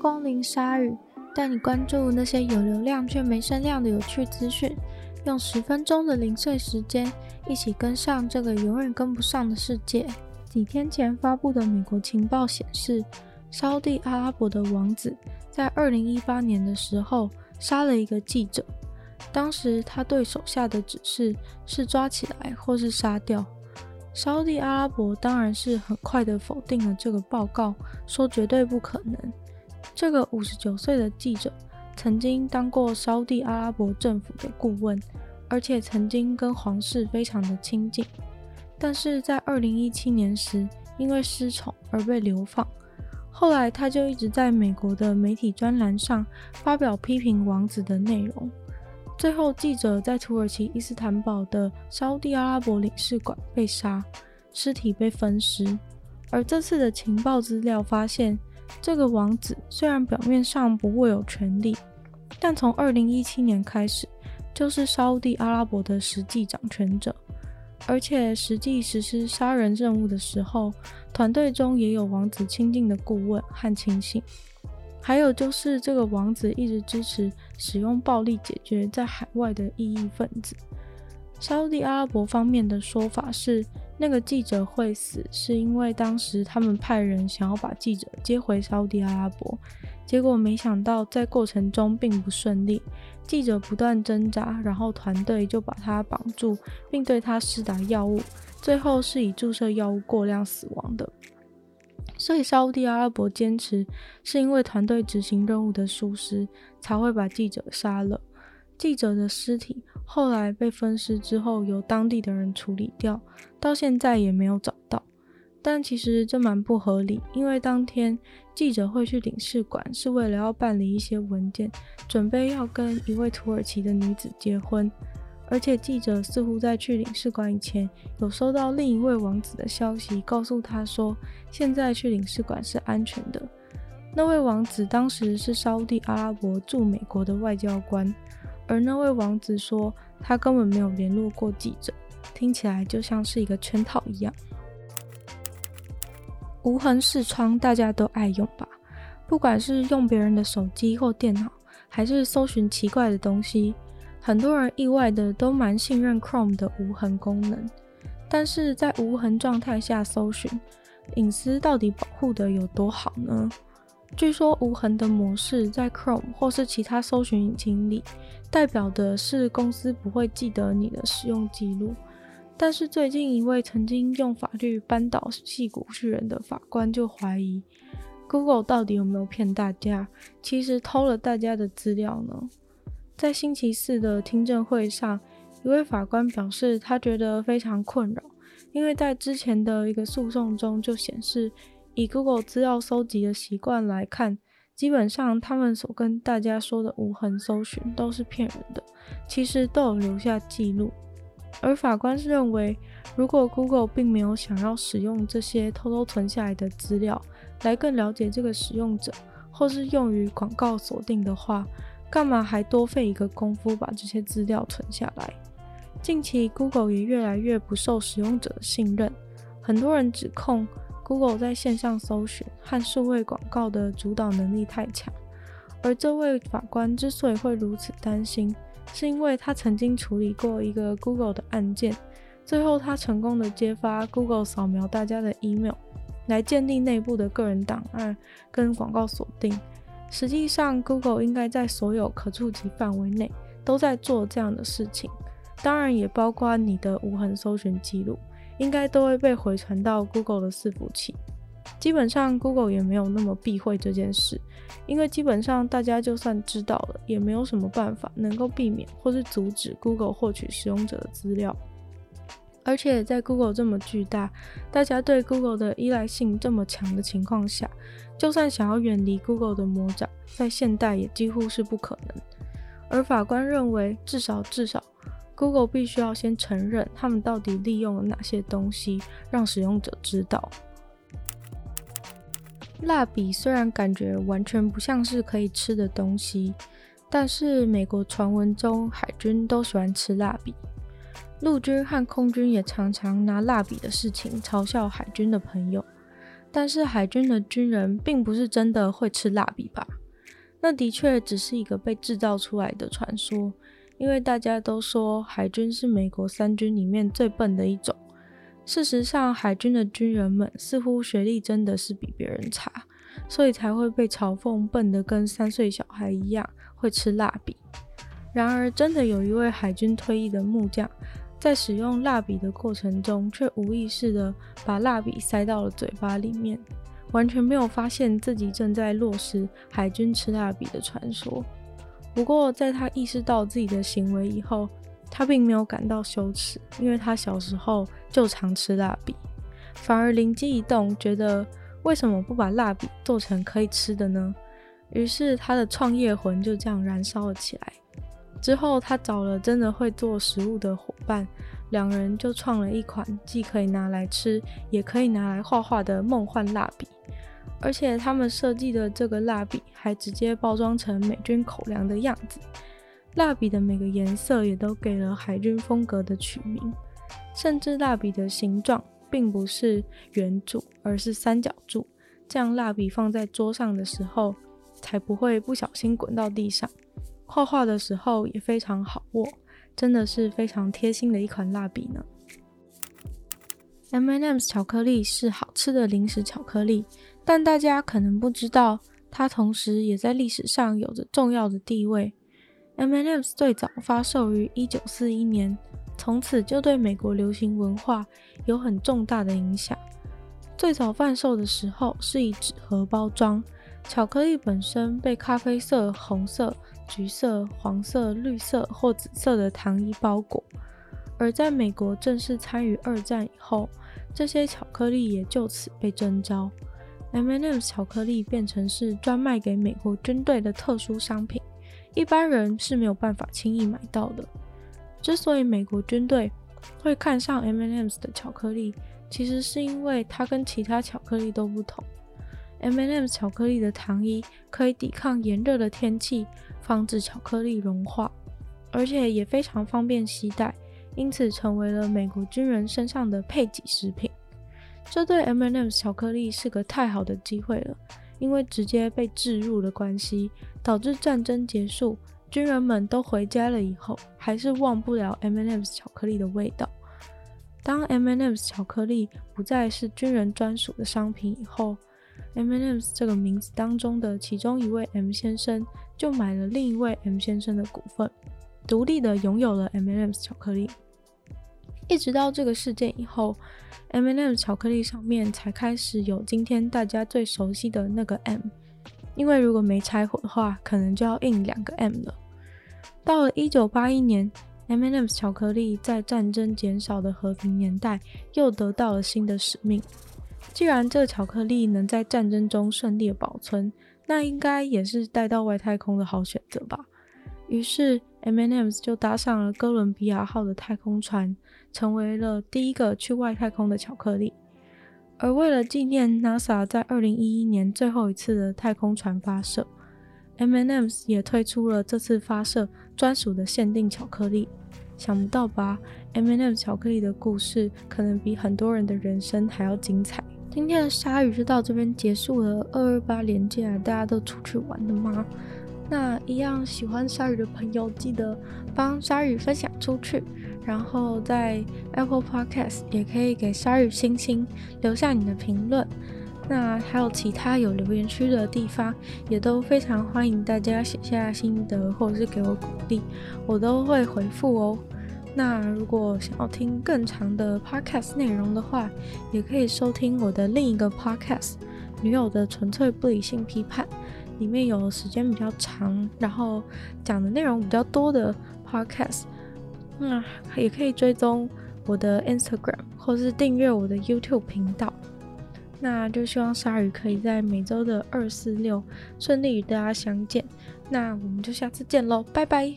光臨鯊語，帶你關注那些有流量卻沒聲量的有趣資訊。用十分鐘的零碎時間，一起跟上這個永遠跟不上的世界。幾天前發布的美國情報顯示，沙烏地阿拉伯的王子在二零一八年的時候殺了一個記者。當時他對手下的指示是抓起來或是殺掉。沙烏地阿拉伯當然是很快的否定了這個報告，說絕對不可能。這個五十九歲的記者曾經當過沙烏地阿拉伯政府的顧問，而且曾經跟皇室非常的親近，但是在二零一七年時因為失寵而被流放。後來他就一直在美國的媒體專欄上發表批評王子的內容。最後，記者在土耳其伊斯坦堡的沙烏地阿拉伯領事館被殺，屍體被分屍。而這次的情報資料發現，這個王子雖然表面上不握有權力，但從二零一七年開始就是沙烏地阿拉伯的實際掌權者，而且實際實施殺人任務的時候，團隊中也有王子親近的顧問和親信。還有就是這個王子一直支持使用暴力解決在海外的異議分子。沙烏地阿拉伯方面的說法是。那個記者會死，是因為當時他們派人想要把記者接回沙烏地阿拉伯，結果沒想到在過程中並不順利。記者不斷掙扎，然後團隊就把他綁住，並對他施打藥物，最後是以注射藥物過量死亡的。所以沙烏地阿拉伯堅持是因為團隊執行任務的疏失，才會把記者殺了。記者的屍體，後來被分屍之後，由當地的人處理掉，到現在也沒有找到。但其實這蠻不合理，因為當天記者會去領事館是為了要辦理一些文件，準備要跟一位土耳其的女子結婚。而且記者似乎在去領事館以前，有收到另一位王子的消息，告訴他說，現在去領事館是安全的。那位王子當時是沙烏地阿拉伯駐美國的外交官。而那位王子說，他根本沒有聯絡過記者，聽起來就像是一個圈套一樣。無痕視窗大家都愛用吧？不管是用別人的手機或電腦，還是搜尋奇怪的東西，很多人意外的都蠻信任 Chrome 的無痕功能。但是在無痕狀態下搜尋，隱私到底保護得有多好呢？據說無痕的模式在 Chrome 或是其他搜尋引擎裡，代表的是公司不會記得你的使用記錄。但是最近一位曾經用法律扳倒矽谷巨人的法官就懷疑，Google 到底有沒有騙大家，其實偷了大家的資料呢？在星期四的聽證會上，一位法官表示他覺得非常困擾，因為在之前的一個訴訟中就顯示。以 Google 資料蒐集的習慣來看，基本上他們所跟大家說的無痕搜尋都是騙人的，其實都有留下記錄。而法官是認為，如果 Google 並沒有想要使用這些偷偷存下來的資料來更了解這個使用者，或是用於廣告鎖定的話，幹嘛還多費一個功夫把這些資料存下來？近期 Google 也越來越不受使用者的信任，很多人指控。Google 在線上搜尋和數位廣告的主導能力太強，而這位法官之所以會如此擔心，是因為他曾經處理過一個 Google 的案件，最後他成功的揭發 Google 掃描大家的 email，來建立內部的個人檔案跟廣告鎖定。實際上，Google 應該在所有可觸及範圍內都在做這樣的事情，當然也包括你的無痕搜尋記錄。應該都會被回傳到 Google 的伺服器。基本上 Google 也沒有那麼避諱這件事，因為基本上大家就算知道了，也沒有什麼辦法能夠避免或是阻止 Google 獲取使用者的資料。而且在 Google 這麼巨大、大家對 Google 的依賴性這麼強的情況下，就算想要遠離 Google 的魔掌，在現代也幾乎是不可能。而法官認為，至少至少。Google 必須要先承認，他們到底利用了哪些東西，讓使用者知道。蠟筆雖然感覺完全不像是可以吃的東西，但是美國傳聞中海軍都喜歡吃蠟筆，陸軍和空軍也常常拿蠟筆的事情嘲笑海軍的朋友。但是海軍的軍人並不是真的會吃蠟筆吧？那的確只是一個被製造出來的傳說。因為大家都說海軍是美國三軍裡面最笨的一種，事實上海軍的軍人們似乎學歷真的是比別人差，所以才會被嘲諷笨得跟三歲小孩一樣會吃蠟筆。然而，真的有一位海軍退役的木匠，在使用蠟筆的過程中，卻無意識地把蠟筆塞到了嘴巴裡面，完全沒有發現自己正在落實海軍吃蠟筆的傳說。不過，在他意識到自己的行為以後，他並沒有感到羞恥，因為他小時候就常吃蠟筆，反而靈機一動，覺得為什麼不把蠟筆做成可以吃的呢？於是，他的創業魂就這樣燃燒了起來。之後，他找了真的會做食物的夥伴，兩人就創了一款既可以拿來吃，也可以拿來畫畫的夢幻蠟筆。而且他們設計的這個蠟筆還直接包裝成美軍口糧的樣子，蠟筆的每個顏色也都給了海軍風格的取名，甚至蠟筆的形狀並不是圓柱，而是三角柱，這樣蠟筆放在桌上的時候才不會不小心滾到地上，畫畫的時候也非常好握，真的是非常貼心的一款蠟筆呢。M&M's 巧克力是好吃的零食巧克力，但大家可能不知道，它同時也在歷史上有着重要的地位。M&M's 最早發售於1941年，從此就對美國流行文化有很重大的影響。最早販售的時候是以紙盒包裝，巧克力本身被咖啡色、紅色、橘色、黃色、綠色或紫色的糖衣包裹，而在美國正式參與二戰以後。這些巧克力也就此被徵召，M&M's 巧克力變成是專賣給美國軍隊的特殊商品，一般人是沒有辦法輕易買到的。之所以美國軍隊會看上 M&M's 的巧克力，其實是因為它跟其他巧克力都不同。M&M's 巧克力的糖衣可以抵抗炎熱的天氣，防止巧克力融化，而且也非常方便攜帶。因此成為了美國軍人身上的配給食品，這對 M&M 巧克力是個太好的機會了，因為直接被置入的關係，導致戰爭結束，軍人們都回家了以後，還是忘不了 M&M 巧克力的味道。當 M&M 巧克力不再是軍人專屬的商品以後，M&M 這個名字當中的其中一位 M 先生就買了另一位 M 先生的股份。獨立的擁有了 M&M's 巧克力，一直到這個事件以後，M&M's 巧克力上面才開始有今天大家最熟悉的那個 M。因為如果沒拆夥的話，可能就要印兩個 M 了。到了一九八一年，M&M's 巧克力在戰爭減少的和平年代又得到了新的使命。既然這巧克力能在戰爭中順利的保存，那應該也是帶到外太空的好選擇吧。於是。M&M's 就搭上了哥倫比亞號的太空船，成為了第一個去外太空的巧克力。而為了紀念 NASA 在2011年最後一次的太空船發射，M&M's 也推出了這次發射專屬的限定巧克力。想不到吧？M&M 巧克力的故事可能比很多人的人生還要精彩。今天的鯊魚就到這邊結束了。二二八連假大家都出去玩了嗎？那一樣喜歡鯊魚的朋友，記得幫鯊魚分享出去。然後在 Apple Podcast 也可以給鯊魚星星，留下你的評論。那還有其他有留言區的地方，也都非常歡迎大家寫下心得或者是給我鼓勵，我都會回復哦。那如果想要聽更長的 Podcast 內容的話，也可以收聽我的另一個 Podcast《女友的純粹不理性批判》。裡面有時間比較長，然後講的內容比較多的 podcast，那、嗯、也可以追蹤我的 Instagram 或是訂閱我的 YouTube 頻道。那就希望鯊魚可以在每周的二、四、六順利與大家相見。那我們就下次見嘍，拜拜。